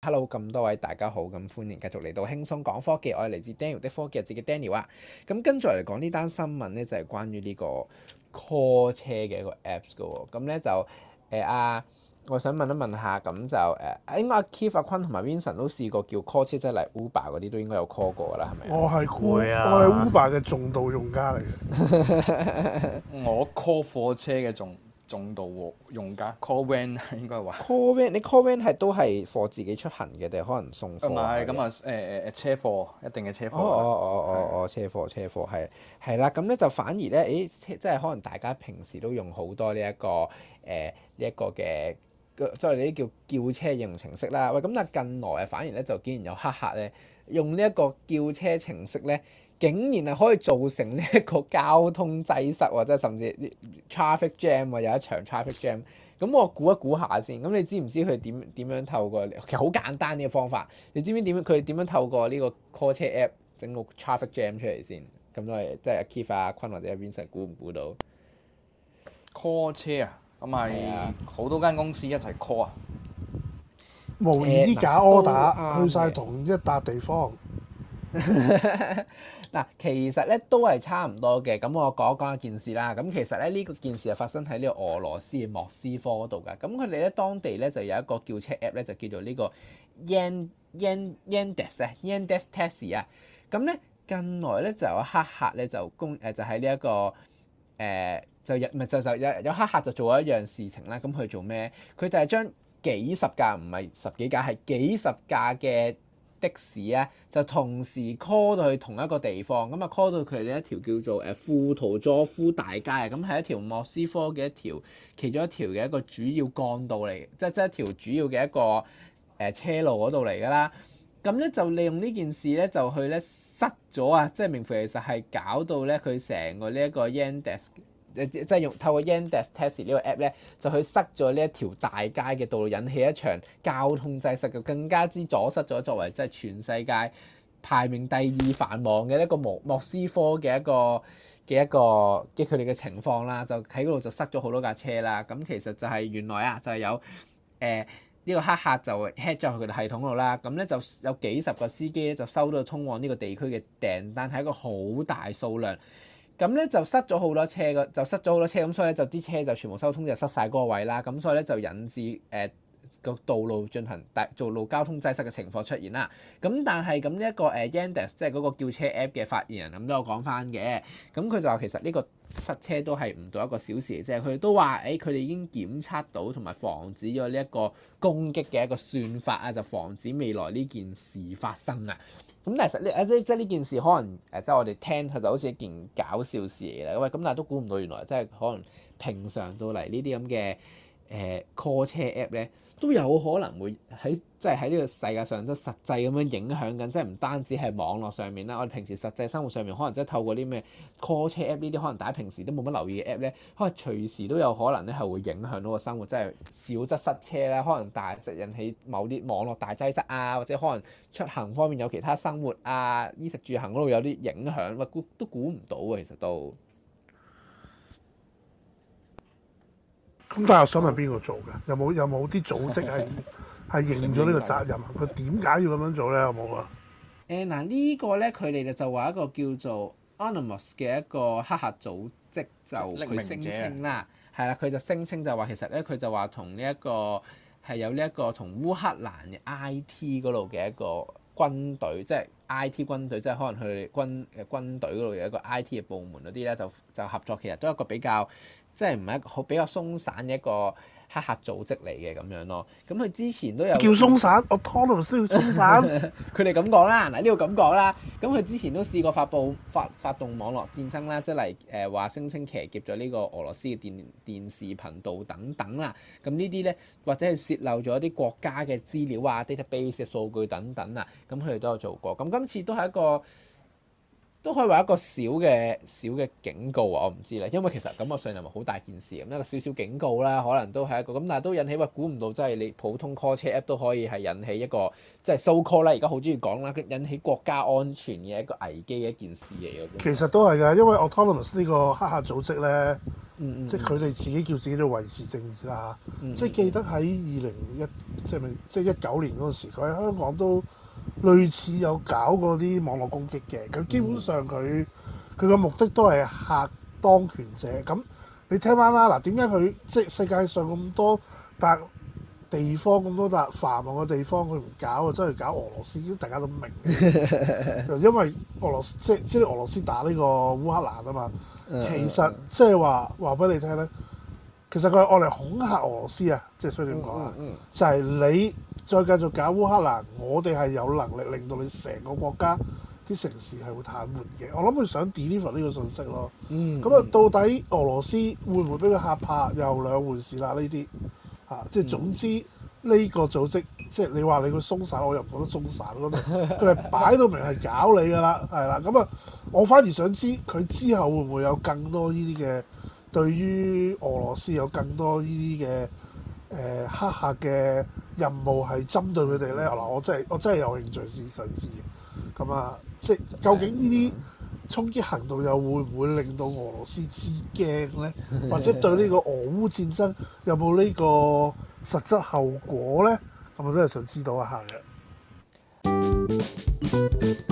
Hello，咁多位大家好，咁歡迎繼續嚟到輕鬆講科技，我係嚟自 Daniel 的科技日誌嘅 Daniel 啊，咁跟住嚟講呢單新聞咧就係關於呢個 call 車嘅一個 apps 噶喎，咁咧就誒啊。我想問一問一下，咁就誒，應該阿 Keith 阿坤同埋 Vincent 都試過叫 call 車即係嚟 Uber 嗰啲，就是，都應該有 call 過㗎啦，係咪？我係攰啊！我係 Uber 嘅重度用家嚟嘅。 我 call 貨車嘅重重度用家，call van 應該話。call van 你 call van 係都係貨自己出行嘅，定係可能送貨？唔係，咁啊誒誒車貨一定係車貨。車貨哦是哦哦哦哦，車貨車貨係係啦，咁咧就反而咧，誒即係可能大家平時都用好多呢、這、一個誒呢一個嘅。即係嗰啲叫叫車應用程式啦，喂咁但係近來啊反而咧就竟然有黑客咧用呢一個叫車程式咧，竟然係可以造成呢一個交通擠塞或者甚至 traffic jam 啊，有一場 traffic jam，咁我估一估下先，咁你知唔知佢點點樣透過其實好簡單嘅方法，你知唔知點佢點樣透過呢個 call 車 app 整個 traffic jam 出嚟先？咁所以即係阿 Kifa、阿坤或者阿 Vincent 估唔估到 call 車？啊？咁係好多間公司一齊 call 啊，模擬假 order 去晒同一笪地方。嗱， 其實咧都係差唔多嘅。咁我講一講一件事啦。咁其實咧呢、呢個件事係發生喺呢個俄羅斯莫斯科嗰度㗎。咁佢哋咧當地咧就有一個叫車 app 咧，就叫做呢個 y en, y en, y en Des, Des 呢個 Yen Yen Yandex 咧 Yandex Taxi 啊。咁咧近來咧就有黑客咧就攻誒就喺呢一個誒。呃就日唔就就有就有黑客做做就做咗一樣事情啦。咁佢做咩？佢就係將幾十架唔係十幾架係幾十架嘅的，的士咧，就同時 call 到去同一個地方。咁啊 call 到佢呢一條叫做誒庫圖佐夫大街啊。咁係一條莫斯科嘅一條其中一條嘅一個主要幹道嚟，即、就、即、係就係、一條主要嘅一個誒、呃、車路嗰度嚟㗎啦。咁咧就利用呢件事咧，就去咧塞咗啊！即係名副其實係搞到咧佢成個呢一個 Yandex 即係用透過 Yandex Taxi 呢個 app 咧，就去塞咗呢一條大街嘅道路，引起一場交通擠塞，就更加之阻塞咗作為即係全世界排名第二繁忙嘅一個莫莫，莫斯科嘅一個嘅一個嘅佢哋嘅情況啦。就喺嗰度就塞咗好多架車啦。咁其實就係原來啊，就係、係、有誒呢、呃呢個黑客，客就 hack 咗去佢哋系統度啦。咁咧就有幾十個司機咧就收到通往呢個地區嘅訂單，係一個好大數量。咁咧就塞咗好多車，個就塞咗好多車，咁所以咧就啲車就全部收通，就塞晒嗰個位啦。咁所以咧就引致誒個、呃、道路進行道路交通擠塞嘅情況出現啦。咁但係咁呢一個誒 Yandex 即係嗰個叫車 app 嘅發言人咁都有講翻嘅。咁佢就話其實呢個塞車都係唔到一個小時即係。佢都話誒，佢、欸、哋已經檢測到同埋防止咗呢一個攻擊嘅一個算法啊，就防止未來呢件事發生啊。咁但係其實呢，啊，即係即係，呢件事可能，誒，即係我哋聽下就好似一件搞笑事嚟啦，啊，咁但係都估唔到原來，即係可能平常到嚟呢啲咁嘅。誒、呃、call 車 app 咧都有可能會喺即係喺呢個世界上都實際咁樣影響緊，即係唔單止係網絡上面啦，我哋平時實際生活上面可能即係透過啲咩 call 車 app 呢啲可能大家平時都冇乜留意嘅 app 咧，可能隨時都有可能咧係會影響到個生活，即係少則塞車啦，可能大則引起某啲網絡大擠塞啊，或者可能出行方面有其他生活啊，衣食住行嗰度有啲影響，咪估都估唔到啊，其實都。咁但係我想問邊個做嘅？有冇有冇啲組織係係認咗呢個責任啊？佢點解要咁樣做咧？有冇啊？誒嗱、欸，這個、呢個咧佢哋就就話一個叫做 Anonymous 嘅一個黑客組織就佢聲稱啦，係啦，佢就聲稱就話其實咧佢就話同呢一個係有呢、這、一個同烏克蘭嘅 IT 嗰度嘅一個軍隊即係。就是 I.T. 軍隊即係可能去軍嘅軍隊嗰度有一個 I.T. 嘅部門嗰啲咧，就就合作，其實都係一個比較即係唔係一個好比較鬆散嘅一個。黑客組織嚟嘅咁樣咯，咁佢之前都有叫鬆散，我通常需要鬆散，佢哋咁講啦，嗱呢個咁講啦，咁佢之前都試過發布發發動網絡戰爭啦，即係嚟誒話聲稱騎劫咗呢個俄羅斯嘅電電視頻道等等啦，咁呢啲咧或者係洩漏咗一啲國家嘅資料啊、database 嘅數據等等啊，咁佢哋都有做過，咁今次都係一個。都可以話一個小嘅小嘅警告啊！我唔知啦，因為其實感覺上又唔係好大件事咁，一個小小警告啦，可能都係一個咁，但係都引起話估唔到，真係你普通 call 車 app 都可以係引起一個即係收、so、call 啦！而家好鍾意講啦，引起國家安全嘅一個危機嘅一件事嚟嘅。其實都係㗎，因為 Autonomous 呢個黑客組織咧，即係佢哋自己叫自己都維持正義㗎，即係記得喺二零一即係即係一九年嗰陣時，佢喺香港都。類似有搞過啲網絡攻擊嘅，佢基本上佢佢個目的都係嚇當權者。咁你聽翻啦，嗱，點解佢即係世界上咁多笪地方咁多笪繁忙嘅地方，佢唔搞啊，真係搞俄羅斯，大家都明。 因為俄羅斯即係即係俄羅斯打呢個烏克蘭啊嘛，其實 即係話話俾你聽咧，其實佢係愛嚟恐嚇俄羅斯啊，即係所以點講啊， 就係你。再繼續搞烏克蘭，我哋係有能力令到你成個國家啲城市係會癱瘓嘅。我諗佢想 deliver 呢個信息咯。咁啊、嗯，嗯、到底俄羅斯會唔會俾佢嚇怕，又兩回事啦。呢啲嚇，即係總之呢、嗯、個組織，即係你話你佢鬆散，我又唔覺得鬆散咯。佢係擺到明係搞你㗎啦，係啦。 咁、嗯、啊，我反而想知佢之後會唔會有更多呢啲嘅對於俄羅斯有更多呢啲嘅誒黑客嘅。任務係針對佢哋呢。嗱、嗯、我真係我真係有興趣先想知咁啊，即究竟呢啲衝擊行動又會唔會令到俄羅斯知驚呢？或者對呢個俄烏戰爭有冇呢個實質後果呢？咁我真係想知道一下嘅。